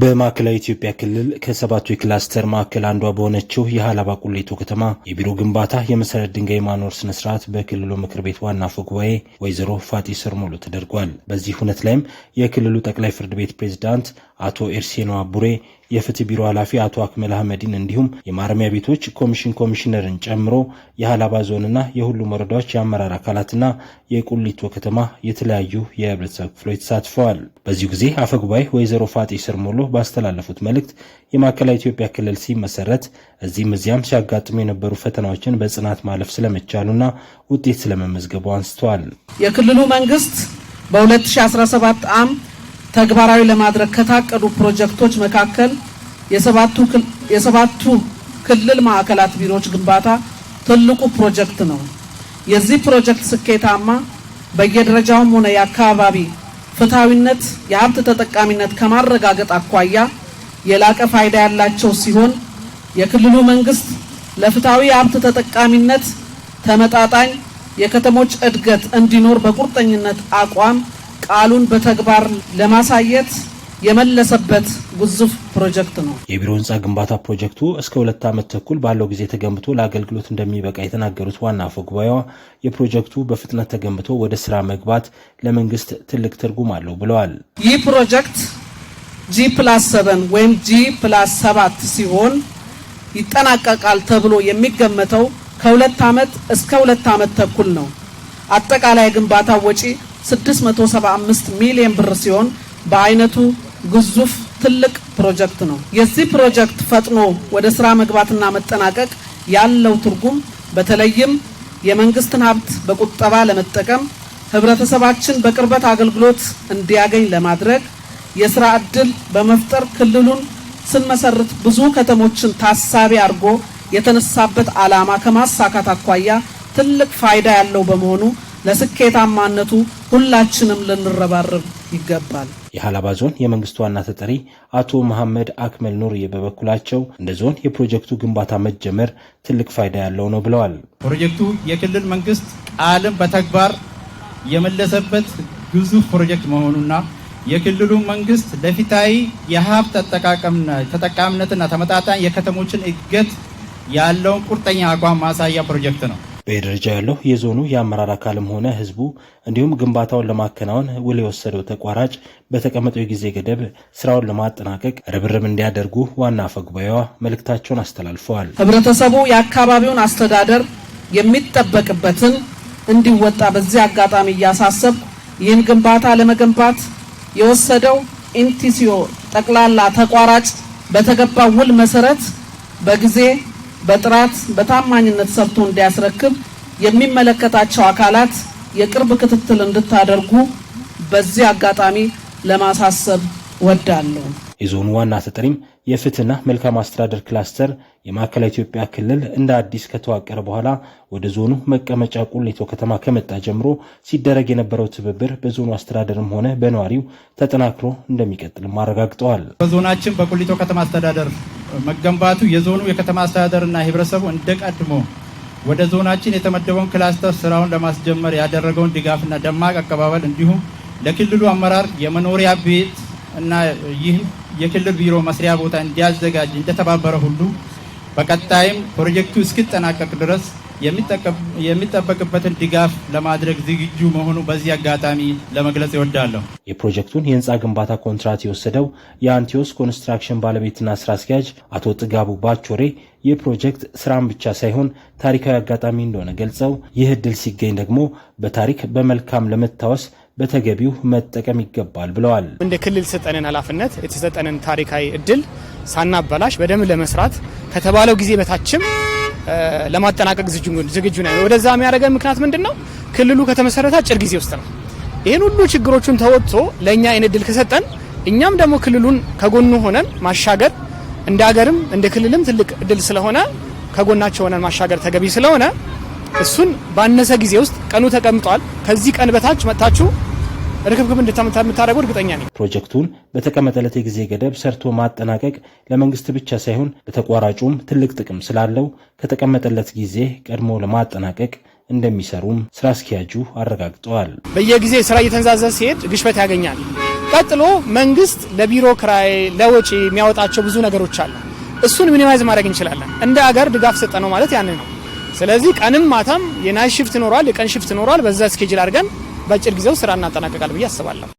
በማዕከላዊ ኢትዮጵያ ክልል ከሰባቱ የክላስተር ማዕከል አንዷ በሆነችው የሀላባ ቁሌቶ ከተማ የቢሮ ግንባታ የመሰረት ድንጋይ ማኖር ስነስርዓት በክልሉ ምክር ቤት ዋና አፈ ጉባኤ ወይዘሮ ፋጢ ስርሙሉ ተደርጓል። በዚህ ሁነት ላይም የክልሉ ጠቅላይ ፍርድ ቤት ፕሬዝዳንት አቶ ኤርሴኖ አቡሬ፣ የፍትህ ቢሮ ኃላፊ አቶ አክመል አህመድን እንዲሁም የማረሚያ ቤቶች ኮሚሽን ኮሚሽነርን ጨምሮ የሀላባ ዞንና የሁሉም ወረዳዎች የአመራር አካላትና የቁሊቶ ከተማ የተለያዩ የህብረተሰብ ክፍሎች ተሳትፈዋል። በዚሁ ጊዜ አፈጉባኤ ወይዘሮ ፋጤ ስርሞሎ ባስተላለፉት መልእክት የማዕከላዊ ኢትዮጵያ ክልል ሲመሰረት እዚህም እዚያም ሲያጋጥሙ የነበሩ ፈተናዎችን በጽናት ማለፍ ስለመቻሉና ውጤት ስለመመዝገቡ አንስተዋል። የክልሉ መንግስት በ2017 ዓ.ም ተግባራዊ ለማድረግ ከታቀዱ ፕሮጀክቶች መካከል የሰባቱ ክልል ማዕከላት ቢሮዎች ግንባታ ትልቁ ፕሮጀክት ነው። የዚህ ፕሮጀክት ስኬታማ በየደረጃውም ሆነ የአካባቢ ፍትሐዊነት፣ የሀብት ተጠቃሚነት ከማረጋገጥ አኳያ የላቀ ፋይዳ ያላቸው ሲሆን የክልሉ መንግስት ለፍትሐዊ የሀብት ተጠቃሚነት ተመጣጣኝ የከተሞች እድገት እንዲኖር በቁርጠኝነት አቋም ቃሉን በተግባር ለማሳየት የመለሰበት ግዙፍ ፕሮጀክት ነው። የቢሮ ህንፃ ግንባታ ፕሮጀክቱ እስከ ሁለት ዓመት ተኩል ባለው ጊዜ ተገንብቶ ለአገልግሎት እንደሚበቃ የተናገሩት ዋና አፈ ጉባኤዋ የፕሮጀክቱ በፍጥነት ተገንብቶ ወደ ስራ መግባት ለመንግስት ትልቅ ትርጉም አለው ብለዋል። ይህ ፕሮጀክት ጂ ፕላስ ሰቨን ወይም ጂ ፕላስ ሰባት ሲሆን ይጠናቀቃል ተብሎ የሚገመተው ከሁለት ዓመት እስከ ሁለት ዓመት ተኩል ነው። አጠቃላይ ግንባታ ወጪ 675 ሚሊዮን ብር ሲሆን በአይነቱ ግዙፍ ትልቅ ፕሮጀክት ነው። የዚህ ፕሮጀክት ፈጥኖ ወደ ስራ መግባትና መጠናቀቅ ያለው ትርጉም በተለይም የመንግስትን ሀብት በቁጠባ ለመጠቀም ህብረተሰባችን በቅርበት አገልግሎት እንዲያገኝ ለማድረግ የስራ እድል በመፍጠር ክልሉን ስንመሰርት ብዙ ከተሞችን ታሳቢ አድርጎ የተነሳበት ዓላማ ከማሳካት አኳያ ትልቅ ፋይዳ ያለው በመሆኑ ለስኬታማነቱ ሁላችንም ልንረባረብ ይገባል። የሀላባ ዞን የመንግስት ዋና ተጠሪ አቶ መሐመድ አክመል ኑር በበኩላቸው እንደ ዞን የፕሮጀክቱ ግንባታ መጀመር ትልቅ ፋይዳ ያለው ነው ብለዋል። ፕሮጀክቱ የክልል መንግስት ቃልን በተግባር የመለሰበት ግዙፍ ፕሮጀክት መሆኑና የክልሉ መንግስት ለፊታዊ የሀብት አጠቃቀምና ተጠቃሚነትና ተመጣጣኝ የከተሞችን እድገት ያለውን ቁርጠኛ አቋም ማሳያ ፕሮጀክት ነው። በየደረጃ ያለው የዞኑ የአመራር አካልም ሆነ ህዝቡ እንዲሁም ግንባታውን ለማከናወን ውል የወሰደው ተቋራጭ በተቀመጠው የጊዜ ገደብ ስራውን ለማጠናቀቅ ርብርብ እንዲያደርጉ ዋና አፈጉባኤዋ መልእክታቸውን አስተላልፈዋል። ህብረተሰቡ የአካባቢውን አስተዳደር የሚጠበቅበትን እንዲወጣ በዚህ አጋጣሚ እያሳሰብ ይህን ግንባታ ለመገንባት የወሰደው ኢንቲሲዮ ጠቅላላ ተቋራጭ በተገባ ውል መሰረት በጊዜ በጥራት በታማኝነት ሰርቶ እንዲያስረክብ የሚመለከታቸው አካላት የቅርብ ክትትል እንድታደርጉ በዚህ አጋጣሚ ለማሳሰብ ወዳለሁ የዞኑ ዋና ተጠሪም የፍትህና መልካም አስተዳደር ክላስተር የማዕከላዊ ኢትዮጵያ ክልል እንደ አዲስ ከተዋቀረ በኋላ ወደ ዞኑ መቀመጫ ቁሌቶ ከተማ ከመጣ ጀምሮ ሲደረግ የነበረው ትብብር በዞኑ አስተዳደርም ሆነ በነዋሪው ተጠናክሮ እንደሚቀጥልም አረጋግጠዋል። በዞናችን በቁሌቶ ከተማ አስተዳደር መገንባቱ የዞኑ የከተማ አስተዳደርና ህብረተሰቡ እንደቀድሞ ወደ ዞናችን የተመደበውን ክላስተር ስራውን ለማስጀመር ያደረገውን ድጋፍና ደማቅ አቀባበል እንዲሁም ለክልሉ አመራር የመኖሪያ ቤት እና ይህ የክልል ቢሮ መስሪያ ቦታ እንዲያዘጋጅ እንደተባበረ ሁሉ በቀጣይም ፕሮጀክቱ እስኪጠናቀቅ ድረስ የሚጠበቅበትን ድጋፍ ለማድረግ ዝግጁ መሆኑ በዚህ አጋጣሚ ለመግለጽ ይወዳለሁ። የፕሮጀክቱን የህንፃ ግንባታ ኮንትራት የወሰደው የአንቲዮስ ኮንስትራክሽን ባለቤትና ስራ አስኪያጅ አቶ ጥጋቡ ባቾሬ ይህ ፕሮጀክት ብቻ ሳይሆን ታሪካዊ አጋጣሚ እንደሆነ ገልጸው ይህ እድል ሲገኝ ደግሞ በታሪክ በመልካም ለመታወስ በተገቢው መጠቀም ይገባል ብለዋል። እንደ ክልል የተሰጠንን ኃላፊነት የተሰጠንን ታሪካዊ እድል ሳናበላሽ በደንብ ለመስራት ከተባለው ጊዜ በታችም ለማጠናቀቅ ዝግጁ ነው። ወደዛ የሚያደርገን ምክንያት ምንድን ነው? ክልሉ ከተመሰረተ አጭር ጊዜ ውስጥ ነው። ይህን ሁሉ ችግሮቹን ተወጥቶ ለእኛ ይህን እድል ከሰጠን እኛም ደግሞ ክልሉን ከጎኑ ሆነን ማሻገር እንደ ሀገርም እንደ ክልልም ትልቅ እድል ስለሆነ ከጎናቸው ሆነን ማሻገር ተገቢ ስለሆነ እሱን ባነሰ ጊዜ ውስጥ ቀኑ ተቀምጧል። ከዚህ ቀን በታች መጥታችሁ ርክብክብ እንደምታደርገው እርግጠኛ ነኝ። ፕሮጀክቱን በተቀመጠለት የጊዜ ገደብ ሰርቶ ማጠናቀቅ ለመንግስት ብቻ ሳይሆን ለተቋራጩም ትልቅ ጥቅም ስላለው ከተቀመጠለት ጊዜ ቀድሞ ለማጠናቀቅ እንደሚሰሩም ስራ አስኪያጁ አረጋግጠዋል። በየጊዜ ስራ እየተንዛዘ ሲሄድ ግሽበት ያገኛል። ቀጥሎ መንግስት ለቢሮ ክራይ፣ ለወጪ የሚያወጣቸው ብዙ ነገሮች አሉ። እሱን ሚኒማይዝ ማድረግ እንችላለን። እንደ አገር ድጋፍ ሰጠ ነው ማለት ያንን ነው። ስለዚህ ቀንም ማታም የናይት ሽፍት ይኖራል፣ የቀን ሽፍት ይኖራል። በዛ ስኬጅል አድርገን በአጭር ጊዜው ስራ እናጠናቀቃል ብዬ አስባለሁ።